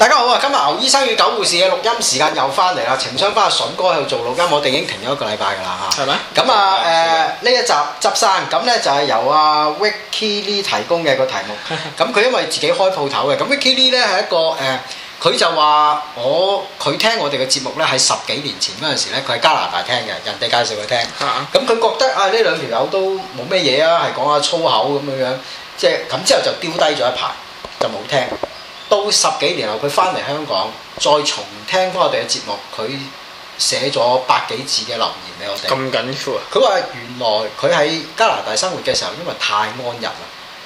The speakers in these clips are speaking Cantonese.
大家好啊！今日牛醫生與狗護士嘅錄音時間又翻嚟啦。情商翻阿筍哥喺度做錄音，我哋已經停咗一個禮拜㗎啦嚇。係咩吧？咁啊誒呢一集執生咁咧，就係由阿、啊、Wakey Lee 提供嘅個題目。咁佢 因為自己開鋪頭嘅，咁 Wakey Lee 咧係一個誒，佢、呃、就話我佢聽我哋嘅節目咧，喺十幾年前嗰陣時咧，佢喺加拿大聽嘅，人哋介紹佢聽。咁佢 覺得啊，呢、哎、兩條友都冇咩嘢啊，係講下粗口咁樣樣，即係咁之後就丟低咗一排，就冇聽。到十幾年後，佢翻嚟香港，再重聽翻我哋嘅節目，佢寫咗百幾字嘅留言俾我哋。咁緊要呀？佢話：原來佢喺加拿大生活嘅時候，因為太安逸啦，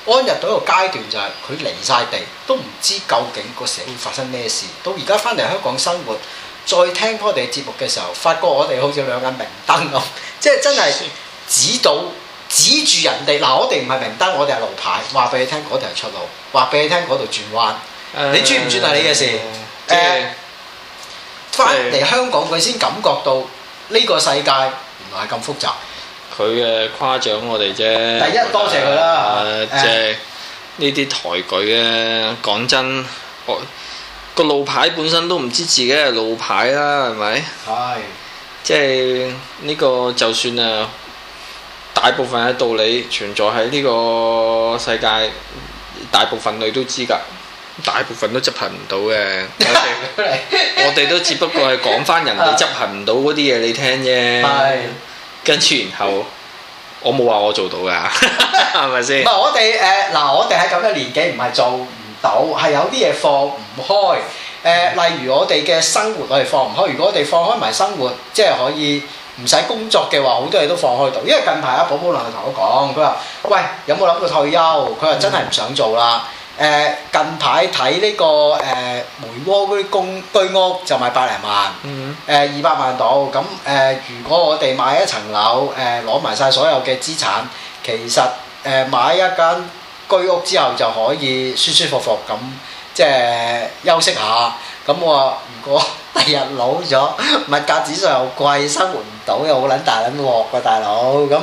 安逸到一個階段就係佢離晒地，都唔知究竟個社會發生咩事。到而家翻嚟香港生活，再聽翻我哋節目嘅時候，發覺我哋好似兩間明燈咁，即 係真係指到指住人哋。嗱、啊，我哋唔係明燈，我哋係路牌，話俾你聽嗰條係出路，話俾你聽嗰度轉彎。你尊唔尊係你嘅事，即係翻嚟香港佢先感覺到呢個世界唔係咁複雜，佢嘅誇獎我哋啫。第一，多謝佢啦，即係呢啲抬舉咧。講真，我個路牌本身都唔知自己係路牌啦，係咪？係。即係呢個就算啊，大部分嘅道理存在喺呢個世界，大部分你都知㗎。大部分都執行唔到嘅，我哋 都只不過係講翻人哋執行唔到嗰啲嘢你聽啫。係，跟住然後我冇話我做到㗎，係咪先？唔係我哋誒嗱，我哋喺咁嘅年紀，唔係做唔到，係有啲嘢放唔開。誒、呃，例如我哋嘅生活，我哋放唔開。如果我哋放開埋生活，即係可以唔使工作嘅話，好多嘢都放開到。因為近排阿寶寶又嚟同我講，佢話：喂，有冇諗過退休？佢話真係唔想做啦。誒近排睇呢個誒梅窩啲公居屋就賣百零萬，誒、嗯嗯、二百萬度。咁誒如果我哋買一層樓，誒攞埋晒所有嘅資產，其實誒買一間居屋之後就可以舒舒服服咁即係休息下。咁我話如果第日老咗，物價指數又貴，生活唔到又好撚大撚鑊嘅、啊、大佬，咁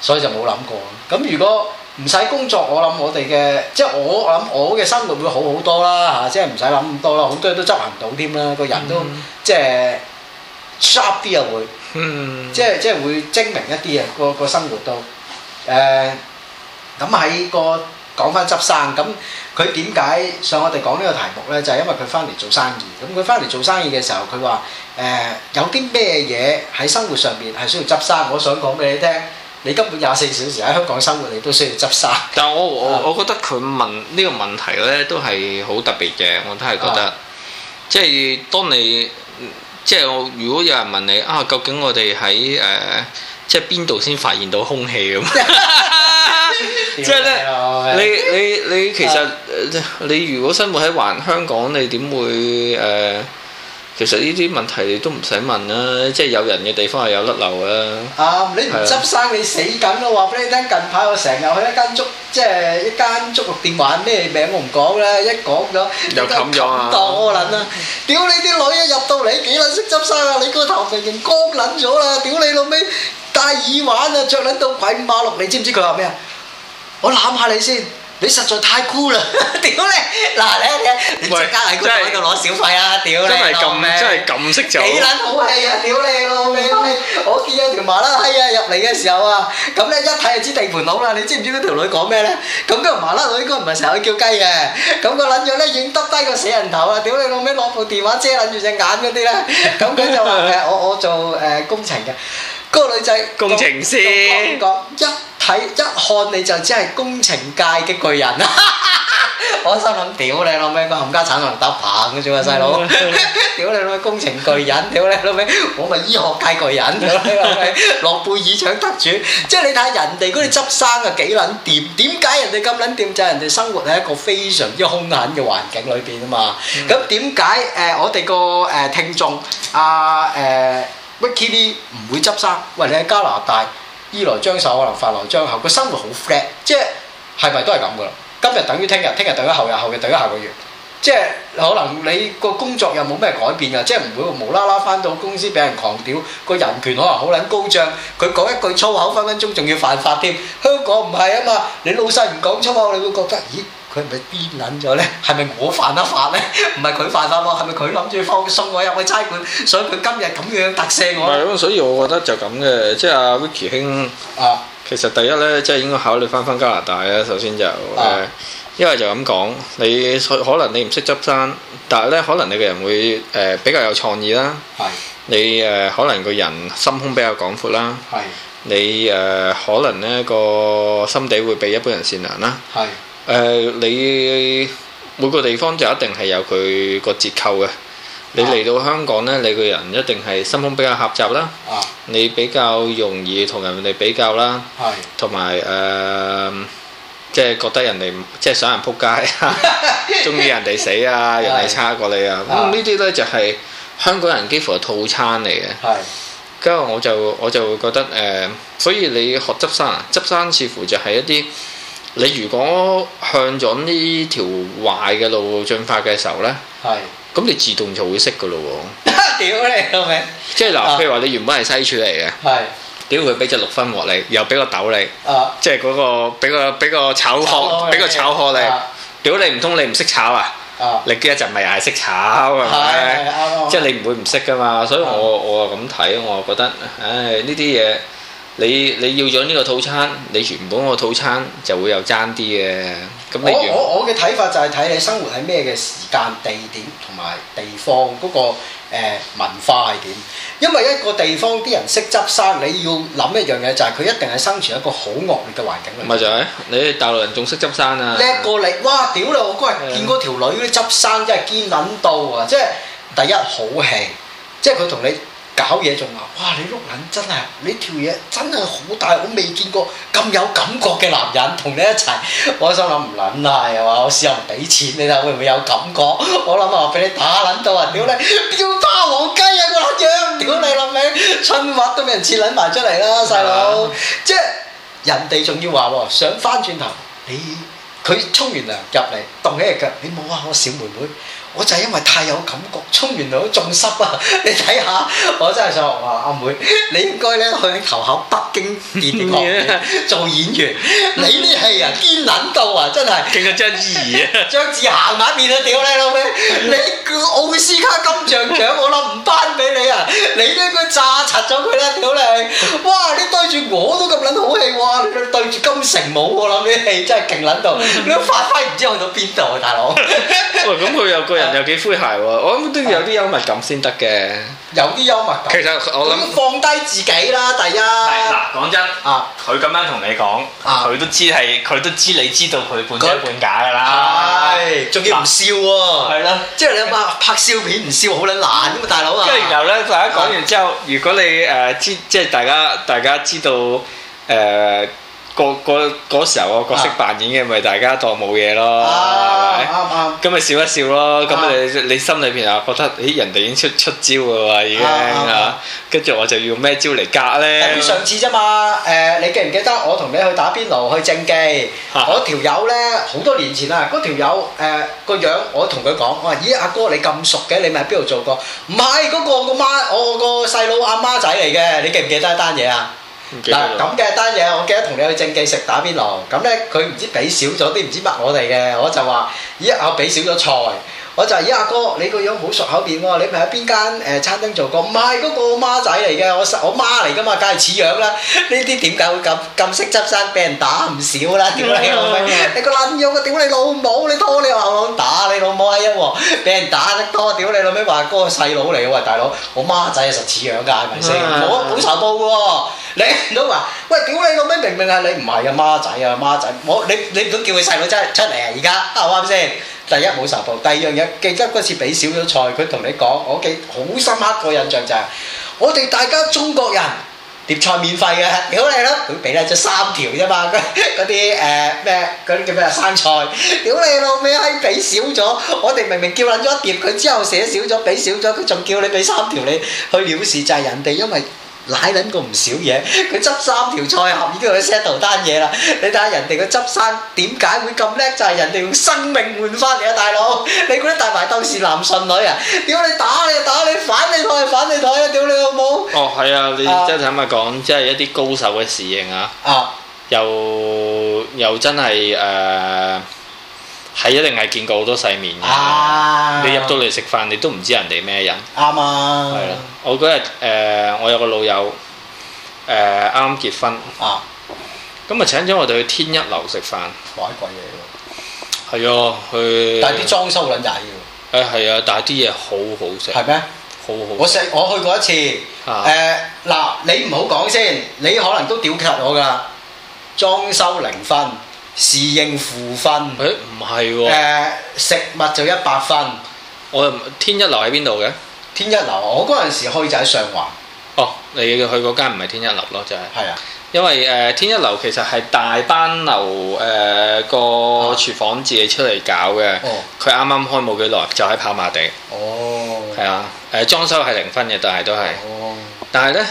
所以就冇諗過。咁如果唔使工作，我諗我哋嘅，即係我諗我嘅生活會好好多啦嚇、啊，即係唔使諗咁多啦，好多嘢都執行到添啦，個人都、嗯、即係 sharp 啲又會，嗯、即係即係會精明一啲啊，個個生活都誒。咁、呃、喺個講翻執生，咁佢點解上我哋講呢個題目呢？就係、是、因為佢翻嚟做生意。咁佢翻嚟做生意嘅時候，佢話誒有啲咩嘢喺生活上面係需要執生，我想講俾你聽。你根本廿四小時喺香港生活，你都需要執生。但係我我我覺得佢問呢、這個問題咧，都係好特別嘅。我都係覺得，啊、即係當你即係，如果有人問你啊，究竟我哋喺誒即係邊度先發現到空氣咁？即係咧， 你你你其實、啊、你如果生活喺環香港，你點會誒？呃其實呢啲問題你都唔使問啦，即係有人嘅地方係有甩漏噶。啊，你唔執生、啊、你死梗咯！話俾你聽，近排我成日去一間足，即係一間足浴店玩，咩名我唔講啦，一講咗又冚咗啊！當我撚啊，屌你啲女一入到嚟幾撚識執生啊！你個頭明明光撚咗啦！屌你老尾戴耳環啊，着撚到鬼五馬六，你知唔知佢話咩啊？我攬下你先。你實在太 cool 啦！屌你，嗱你啊你，你成家喺高樓度攞小費啊！屌你老味，我見有條麻甩閪啊入嚟嘅時候啊，咁咧一睇就知地盤佬啦！你知唔知嗰條女講咩咧？咁個麻甩佬應該唔係成日去叫雞嘅，咁個撚樣咧已經耷低個死人頭啦！屌你老味攞部電話遮撚住隻眼嗰啲咧，咁佢就話誒我我做誒工程嘅，嗰個女仔工程師。一睇一看你就真係工程界嘅巨人啊！我心諗屌你老味，個冚家產喺度打棚嘅啫喎，細佬！屌你老味工程巨人，屌你老味，我咪醫學界巨人，屌你老味！諾貝爾獎得主，即係你睇下人哋嗰啲執生啊幾撚掂？點解人哋咁撚掂？就係人哋生活喺一個非常之兇狠嘅環境裏邊啊嘛。咁點解誒我哋個誒聽眾阿誒 Wikipedia 唔會執生？喂你喺加拿大。衣來張手，可能飯來張口，個生活好 flat，即係係咪都係咁噶啦？今日等於聽日，聽日等於後日，後日等於下個月。即係可能你個工作又冇咩改變㗎，即係唔會無啦啦翻到公司俾人狂屌，個人權可能好撚高漲。佢講一句粗口，分分鐘仲要犯法添。香港唔係啊嘛，你老細唔講粗口，你會覺得咦，佢係咪癲撚咗呢？係咪我犯得法呢？唔係佢犯法喎，係咪佢諗住放送我入去差館？所以佢今日咁樣特赦我。係所以我覺得就咁嘅，即係、啊、阿 Vicky 兄其實第一呢，即係應該考慮翻翻加拿大啦。首先就、啊因為就咁講，你可能你唔識執生，但係咧可能你個人會誒、呃、比較有創意啦。係是的。你、呃、誒可能個人心胸比較廣闊啦。係是的。你、呃、誒可能呢個心地會比一般人善良啦。係是的、呃。誒你每個地方就一定係有佢個折扣嘅。你嚟到香港呢，你個人一定係心胸比較狹窄啦。是的 你比較容易同人哋比較啦。係是的。同埋誒。即係覺得人哋即係想人撲街，中意 人哋死啊，人哋差過你啊，咁呢啲呢，就係、是、香港人幾乎係套餐嚟嘅。係的，跟住我就我就覺得誒、呃，所以你學執生啊，執生似乎就係一啲你如果向咗呢條壞嘅路進發嘅時候呢，係的，咁你自動就會識㗎咯喎。屌你老味！即係嗱，譬 如話你原本係西廚嚟嘅。係的。屌佢，俾咗六分鑊你，又俾、啊個豆你，即係嗰個俾個俾個炒殼，俾個炒，炒殼你。屌你，唔通你唔識炒啊？你嘅一陣咪又係識炒係咪？啊、即係你唔會唔識噶嘛。所以我、啊、我咁睇，我覺得，唉，呢啲嘢，你你要咗呢個套餐，你原本個套餐就會有爭啲嘅。咁你我我我嘅睇法就係睇你生活喺咩嘅時間、地點同埋地方嗰、嗰個。誒文化係點？因為一個地方啲人識執生，你要諗一樣嘢、就係，就係佢一定係生存一個好惡劣嘅環境嚟。咪就係你哋大陸人仲識執生啊！叻過你，哇！屌你，我嗰日的見嗰條女嗰啲執生真係堅撚到啊！即係第一好氣，即係佢同你。搞嘢仲話，哇！你碌撚真係，你條嘢真係好大，我未見過咁有感覺嘅男人同你一齊。我心諗唔撚啊，又話？我試下唔俾錢，你睇會唔會有感覺？我諗、嗯、啊，我俾你打撚到啊！屌你、嗯，叫霸王雞啊個樣，屌你老味，春畫都俾人切撚埋出嚟啦，細佬。嗯、即係人哋仲要話喎，想翻轉頭，你佢沖完涼入嚟，動起隻腳？你冇話，我小妹妹。我就係因為太有感覺，衝完涼都仲濕啊！你睇下，我真係想話阿妹，妹，你應該呢去投考北京電影學院做演員。你啲戲啊，堅撚到啊，真係勁過章子怡啊！章子行嗱一面啊屌你老味？你攞奧斯卡金像獎我諗唔頒俾你啊！你都應該炸柒咗佢啦屌你！哇！你對住我都咁撚好戲，哇！你對住金城武我諗啲戲真係勁撚到，你都發揮唔知去到邊度啊大佬！ 喂，咁、嗯、佢有句。人有幾詼諧喎，我諗都要有啲幽默感先得嘅。有啲幽默感，其實我諗。 放低自己啦，第一。 係啦，講真啊，佢咁樣同你講，佢都知係，佢都知你知道佢半真半假㗎啦。係他。仲要唔笑喎？係啦。即係你拍拍笑片唔笑好撚難㗎嘛，大佬啊！即係的然後咧，大家講完之後，如果你誒知、呃，即係大家大家知道誒。呃個嗰時候個角色扮演嘅，咪、啊、大家當冇嘢咯，係咪、啊？咁咪、啊、笑一笑咯。咁、啊、你你心裏邊又覺得，咦人哋已經出出招噶啦，已經嚇。跟住、啊啊、我就要咩招嚟夾咧？上次啫嘛，誒、呃、你記唔記得我同你去打邊爐去正記？啊、我條友咧好多年前啊，嗰條友誒個樣，我同佢講，我咦阿哥，哥你咁熟嘅，你咪喺邊度做過？唔係嗰個個媽，我個細佬阿媽仔嚟嘅，你記唔記得一單嘢啊？嗱咁嘅單嘢，我記得同你去正記食打邊爐，咁呢，佢唔知畀少咗啲，唔知乜我哋嘅，我就話咦我俾少咗菜。我就係咦阿哥，你個樣好熟口面喎，你咪喺邊間誒餐廳做過？唔係嗰個媽仔嚟嘅，我我媽嚟噶嘛，梗係似樣啦。呢啲點解會咁咁識執生，俾人打唔少啦？點解你個撚樣嘅？屌你老母？你拖你話冇打你老母喺一鑊，俾人打得拖屌你老味！阿哥細佬嚟嘅喎，大佬我媽仔實似樣㗎，係咪先？好報仇報嘅喎，你都話喂，屌你老味！明明係你唔係啊媽仔啊媽仔，我你你都叫佢細佬真出出嚟啊！而家啱唔啱先？第一冇仇報，第二樣嘢記得嗰次俾少咗菜，佢同你講，我記好深刻個印象就係、是，我哋大家中國人碟菜免費嘅，屌你啦，佢俾你咗三條啫嘛，嗰啲誒咩嗰啲叫咩啊生菜，屌你老味閪俾少咗，我哋明明叫撚咗一碟，佢之後寫少咗，俾少咗，佢仲叫你俾三條你，去了事就係、是、人哋因為。攋撚過唔少嘢，佢執三條菜盒已經可以 settle 單嘢啦。你睇下人哋嘅執生點解會咁叻，就係、是、人哋用生命換翻嚟啊！大佬，你估啲大排檔是男信女啊？點解你打你打你反你台反你台啊？屌你老母！好好哦，係啊，你真、呃、即係坦白講，即係一啲高手嘅侍應啊！啊、呃，又又真係誒～、呃係一定係見過好多世面嘅，啊、你入到嚟食飯，你都唔知人哋咩人。啱啊！係咯，我嗰日誒，我有個老友誒啱啱結婚，咁啊請咗我哋去天一樓食飯，買貴嘢喎。係啊，去但啲裝修撚炸嘅喎。係啊、哎，但係啲嘢好嗎好食。係咩？好好。我食我去過一次誒嗱，啊啊、你唔好講先，你可能都屌柒我㗎，裝修零分。侍應負分，誒唔係喎，誒、啊呃、食物就一百分。我又天一樓喺邊度嘅？天一樓，我嗰陣時開就喺上環。哦，你去嗰間唔係天一樓咯，就係、是。係啊。因為誒、呃、天一樓其實係大班樓誒、呃、個廚房自己出嚟搞嘅。哦、啊。佢啱啱開冇幾耐，就喺跑馬地。哦。係啊，誒裝、哦嗯、修係零分嘅，但係都係。哦。但係咧，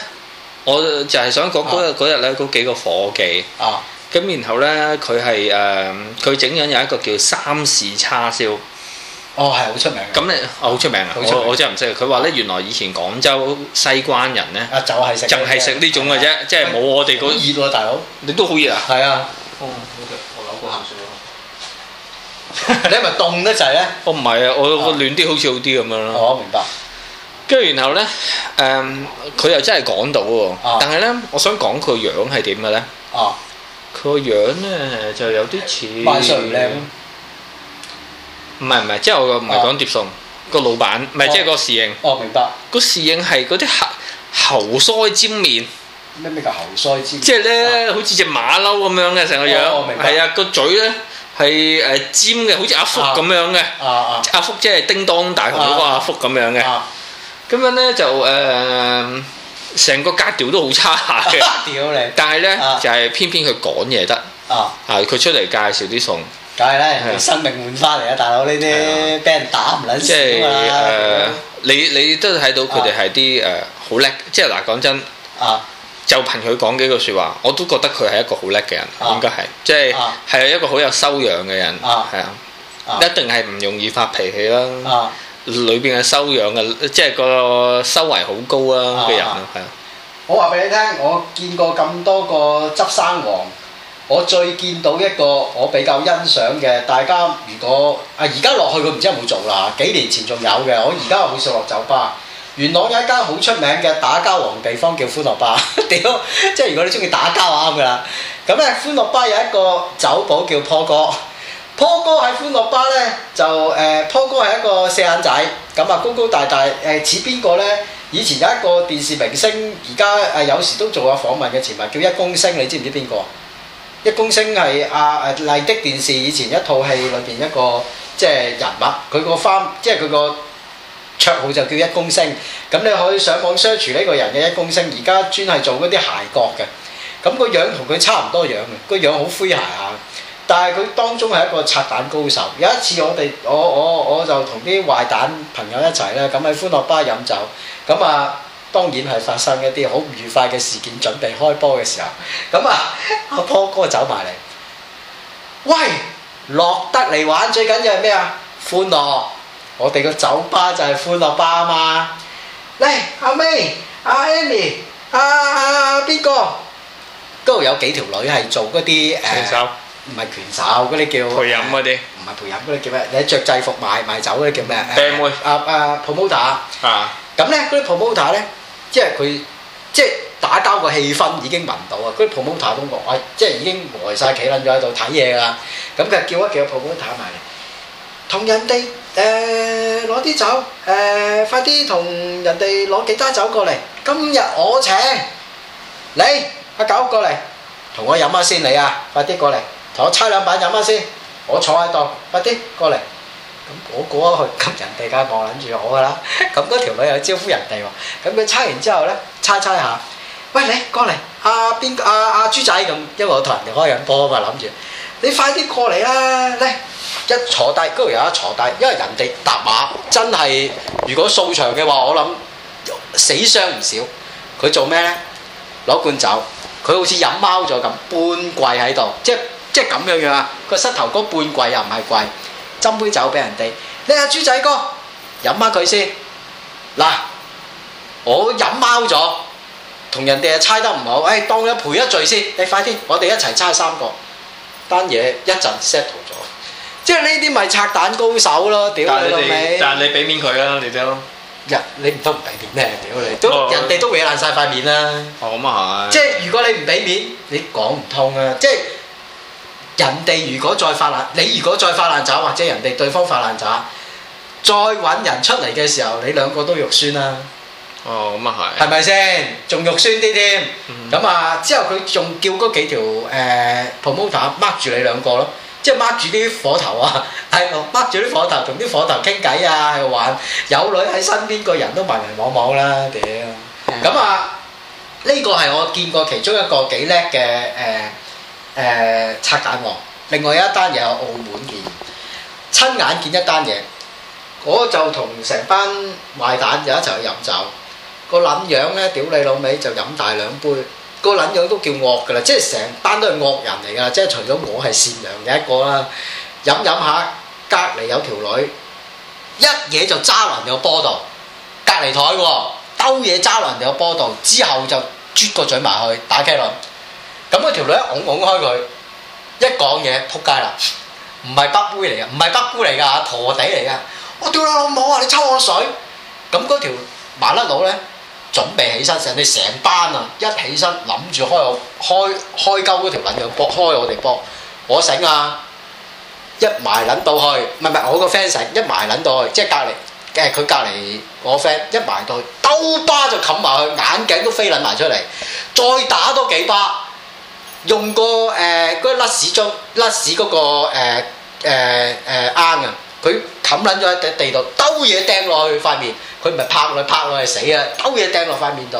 我就係想講嗰日嗰日咧嗰幾個夥計啊。啊咁然後咧，佢係誒，佢整緊有一個叫三市叉燒。哦，係好出名。咁咧，好出名啊！我我真係唔識。佢話咧，原來以前廣州西關人咧，啊就係食，就係食呢種嘅啫，即係冇我哋嗰熱喎，大佬。你都好熱啊？係啊，我我攞個鹹水。你係咪凍得滯咧？我唔係啊，我我暖啲好似好啲咁樣咯。我明白。跟住然後咧，誒，佢又真係講到喎，但係咧，我想講佢樣係點嘅咧。哦。個樣咧就有啲似，唔係唔係，即係我唔係講碟餸，個老闆唔係即係個侍應。哦，明白。個侍應係嗰啲喉腮尖面。咩咩叫猴腮尖？即係咧，好似隻馬騮咁樣嘅成個樣。哦，明白。係啊，個嘴咧係誒尖嘅，好似阿福咁樣嘅。啊阿福即係叮當大雄嗰個阿福咁樣嘅。咁樣咧就誒。成個格調都好差下嘅，格調，但係咧就係偏偏佢講嘢得啊！啊，佢出嚟介紹啲餸，梗係咧生命換翻嚟啦，大佬呢啲俾人打唔撚事㗎嘛！你你都睇到佢哋係啲誒好叻，即係嗱講真啊，就憑佢講幾句説話，我都覺得佢係一個好叻嘅人，應該係即係係一個好有修養嘅人，係啊，一定係唔容易發脾氣啦。裏邊嘅修養嘅，即係個修為好高啊嘅人啊，係啊。我話俾你聽，我見過咁多個執生王，我最見到一個我比較欣賞嘅。大家如果啊，而家落去佢唔知有冇做啦。幾年前仲有嘅，我而家好少落酒吧。元朗有一間好出名嘅打交王地方叫歡樂吧。屌，即係如果你中意打交就啱噶啦。咁咧，歡樂吧，有一個酒保叫破哥。坡哥喺歡樂吧咧，就誒，坡哥係一個四眼仔咁啊，高高大大，誒似邊個咧？以前有一個電視明星，而家誒有時都做下訪問嘅前物，叫一公升，你知唔知邊個？一公升係啊麗的電視以前一套戲裏邊一個即係人物，佢個花即係佢個綽號就叫一公升。咁你可以上網 search 呢個人嘅一公升，而家專係做嗰啲諧角嘅。咁個樣同佢差唔多樣嘅，個樣好詼諧下。但係佢當中係一個拆彈高手。有一次我哋我我我就同啲壞蛋朋友一齊咧，咁喺歡樂吧飲酒。咁、嗯、啊，當然係發生一啲好唔愉快嘅事件。準備開波嘅時候，咁、嗯、啊，阿波哥走埋嚟，喂，落得嚟玩最緊要係咩啊？歡樂，我哋個酒吧就係歡樂吧啊嘛。嚟、哎，阿 May，阿、啊、Amy，啊，邊、啊、個？都有幾條女係做嗰啲誒。唔係拳手嗰啲叫陪飲嗰啲，唔係陪飲嗰啲叫咩？你著制服賣賣酒嗰啲叫咩？誒，啊啊，promoter 啊，咁咧嗰啲 promoter 咧，即係佢即係打交個氣氛已經聞到啊！嗰啲 promoter 都我即係已經呆曬企撚咗喺度睇嘢啦。咁佢叫一叫 promoter 埋嚟，同人哋誒攞啲酒誒，快啲同人哋攞其他酒過嚟。今日我請你，阿九過嚟同我飲下先，你啊，快啲過嚟。同我猜兩板飲啊先，我坐喺度，快啲過嚟。咁我過咗去，咁人哋梗係望緊住我噶啦。咁嗰條女又招呼人哋喎。咁佢猜完之後咧，猜猜下，喂你過嚟，阿邊個阿阿豬仔咁，因為我同人哋開緊波嘛，諗住你快啲過嚟啦。咧一坐低，嗰度有一坐低，因為人哋搭馬真係，如果數場嘅話，我諗死傷唔少。佢做咩咧？攞罐酒，佢好似飲貓咗咁，半跪喺度，即係。即係咁樣樣啊！個膝頭哥半貴又唔係貴，斟杯酒俾人哋。你阿豬仔哥飲下佢先。嗱，我飲貓咗，同人哋又猜得唔好。誒，當咗賠一聚先。你快啲，我哋一齊猜三個單嘢一陣 settle 咗。即係呢啲咪拆彈高手咯？屌你老味！但係你俾面佢啊，你都。入你唔通唔俾面咩？屌你！都人哋都毀爛晒塊面啦。哦，咁啊係。即係如果你唔俾面，你講唔通啊！即係。人哋如果再發爛，你如果再發爛渣，或者人哋對方發爛渣，再揾人出嚟嘅時候，你兩個都肉酸啦。哦，咁啊係。係咪先？仲肉酸啲添？咁啊、嗯哼嗯，之後佢仲叫嗰幾條誒 promoter 掹住你兩個咯，即係掹住啲火頭啊，係咯，掹住啲火頭，同啲火頭傾偈啊，係玩有女喺身邊，個人都迷迷惘惘啦，屌。咁啊，呢、呢個係我見過其中一個幾叻嘅誒。呃誒、呃、拆蛋王，另外有一單嘢喺澳門見，親眼見一單嘢，我就同成班壞蛋就一齊去飲酒。嗯、個撚樣咧，屌你老味，就飲大兩杯。個撚樣都叫惡噶啦，即係成班都係惡人嚟噶，即係除咗我係善良嘅一個啦。飲飲下，隔離有條女，一嘢就揸落人哋個波度，隔離台喎，兜嘢揸落人哋個波度，之後就啜個嘴埋去打茄輪。咁嗰條女一拱拱開佢，一講嘢撲街啦！唔係北，北姑嚟嘅，唔係北姑嚟㗎，陀地嚟㗎！我屌你老母啊！你抽我水！咁嗰條麻甩佬咧，準備起身，成你成班啊，一起身諗住開我開開鳩嗰條撚樣搏開我哋搏，我醒啊！一埋撚到去，唔係唔係，我個 friend 醒，一埋撚到去，即係隔離誒佢隔離我 friend 一埋到去，兜巴就冚埋去，眼鏡都飛撚埋出嚟，再打多幾巴。用個誒嗰粒屎珠、甩屎嗰、嗰個誒誒誒啱嘅，佢冚撚咗喺地度，兜嘢掟落去塊面，佢唔係拍落去，拍落去死啊！兜嘢掟落塊面度，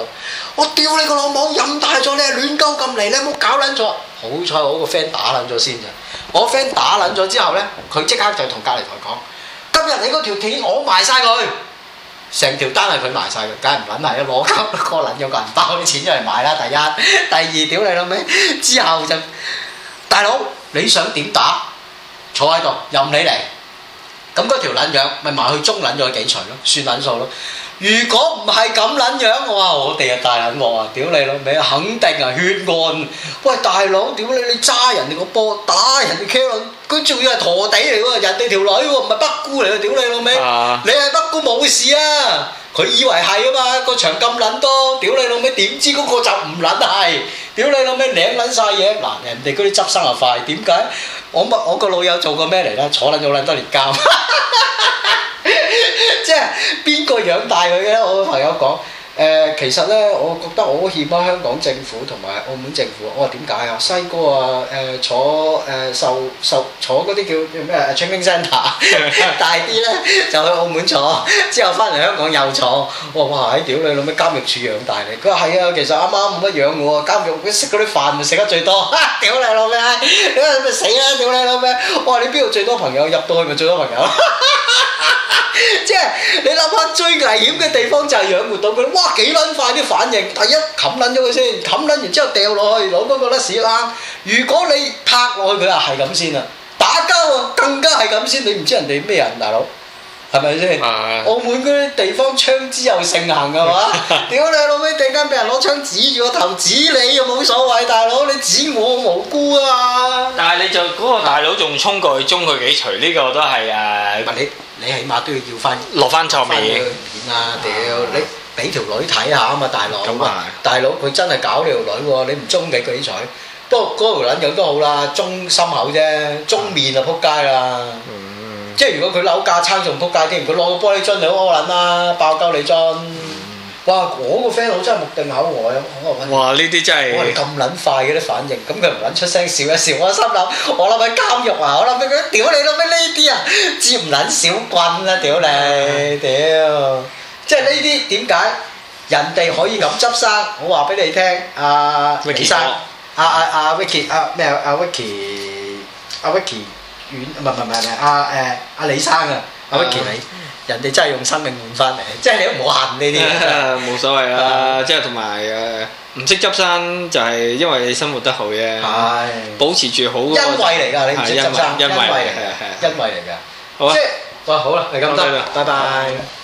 我屌你個老母，任大咗你啊，亂鳩咁嚟，你冇搞撚咗！好彩我個 friend 打撚咗先咋，我 friend 打撚咗之後呢，佢即刻就同隔離台講：今日你嗰條片，我賣晒佢。成條單係佢埋晒嘅，梗係唔揾啦！攞個個攞個銀包啲錢出嚟買啦！第一，第二，屌你老味， 之後就 大佬，你想點打？坐喺度任你嚟。咁嗰條撚樣，咪埋去中撚咗幾錘咯，算撚數咯。如果唔係咁撚樣，我話我哋啊大撚鑊啊，屌你老味，肯定啊血案啊！喂，大佬，屌你，你揸人哋個波，打人哋茄輪，佢仲要係陀地嚟喎，人哋條女喎，唔係北姑嚟嘅，屌你老味！啊、你係北姑冇事啊！佢以為係啊嘛，個場咁撚多，屌你老味點知嗰個就唔撚係，屌你老味舐撚晒嘢。嗱人哋嗰啲執生又快，點解我我個老友做過咩嚟咧？坐撚咗撚多年監，即係邊個養大佢咧？我個朋友講。誒，其實咧，我覺得我好欠翻香港政府同埋澳門政府，我話點解啊？細個啊，誒、呃、坐誒、呃、受受坐嗰啲叫叫咩 training centre 大啲咧，就去澳門坐，之後翻嚟香港又坐，我話哇！屌你老母，監獄處養大你。佢話係啊，其實啱啱冇乜養嘅喎，監獄食嗰啲飯食得最多。屌你老母，你咪死啦！屌你老母，我話你邊度最多朋友入到去咪最多朋友。 即係你諗下最危險嘅地方就係養活到佢，哇，幾卵快啲反應，第一冚卵咗佢先，冚卵完之後掉落去攞嗰個甩屎啦。如果你拍落去佢啊，係咁先啦，打交啊，更加係咁先，你唔知人哋咩人大佬，係咪先？啊、澳門嗰啲地方槍支又盛行㗎嘛，屌你老味，突然間俾人攞槍指住個頭指你又冇所謂，大佬你指我，我無辜啊嘛。但係你就嗰、那個大佬仲衝過去中佢幾錘，呢、這個都係啊！Uh, 你起碼都要要翻落翻臭味片啊！屌你俾條女睇下啊嘛，大佬啊！大佬佢真係搞條女喎，你唔中俾佢啲彩？不過嗰條撚樣都好啦，忠心口啫，忠面就撲街啦！嗯、即係如果佢樓架撐仲撲街添，佢攞個玻璃樽嚟屙撚啦，爆鳩你樽！嗯哇！我個 friend 好真係目定口呆咁，我揾哇呢啲真係，哇咁撚快嘅啲反應，咁佢唔撚出聲笑一笑，我心諗我諗係監獄啊，我諗俾佢屌你咯，咩呢啲啊，接唔撚小棍啦，屌你，屌！即係呢啲點解人哋可以咁執生？我話俾你聽，阿生阿阿阿 Vicky 阿咩阿 Vicky 阿 Vicky 苑唔係唔係唔係阿誒阿李生啊，阿 Vicky 你。人哋真係用生命換翻嚟，即係你都冇恨呢啲冇所謂啦、啊，呃、即係同埋誒，唔識執生就係因為你生活得好啫。係的保持住好、就是。因為嚟㗎，你唔識執生。因為為，因為，係啊，嚟㗎的吧。好啊，好啦，你咁多，拜拜。拜拜拜拜。